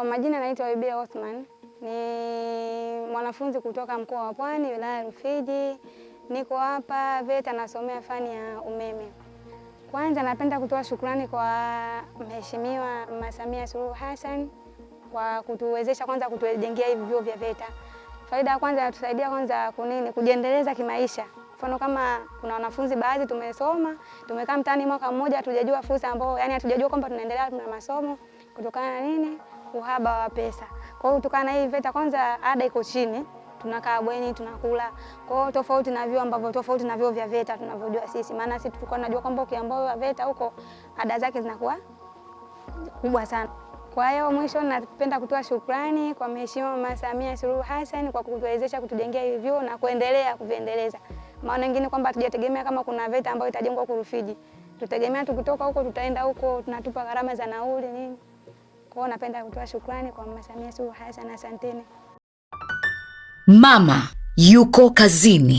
Kwa majina naitwa Ibia Othman, ni mwanafunzi kutoka mkoa wa Pwani, wilaya ya Rufiji. Niko hapa VETA nasomea fani ya umeme. Kwanza napenda kutoa shukrani kwa Mheshimiwa Mama Samia Suluhu Hassan kwa kutuwezesha kwanza kutujengea hivi vyuo vya VETA. Faida ya kwanza inatusaidia kwanza kunini kujiendeleza kimaisha. Mfano kama kuna wanafunzi baadhi tumesoma, tumekaa mtaani mwaka mmoja hatujajua fursa ambao, yani hatujajua kwamba tunaendelea na masomo kutokana na nini uhaba wa pesa. Kwa hiyo kutokana na hii VETA, kwanza ada iko chini, tunakaa bweni tunakula. Kwa hiyo tofauti na vyuo ambavyo tofauti na vyuo vya VETA tunavyojua sisi, maana sisi tulikuwa tunajua kwamba ukiambao wa VETA huko ada zake zinakuwa kubwa sana. Kwa hiyo mwisho, napenda kutoa shukrani kwa Mheshimiwa Mama Samia Suluhu Hassan kwa kutuwezesha kutujengea hivi vyuo na kuendelea kuviendeleza. Maana nyingine kwamba hatujategemea kama kuna VETA ambayo itajengwa Kurufiji, tutegemea tukitoka huko tutaenda huko, tunatupa gharama za nauli nini. Kwa napenda kutoa shukrani kwa Mama Samia Suluhu Hassan, asanteni. Mama yuko kazini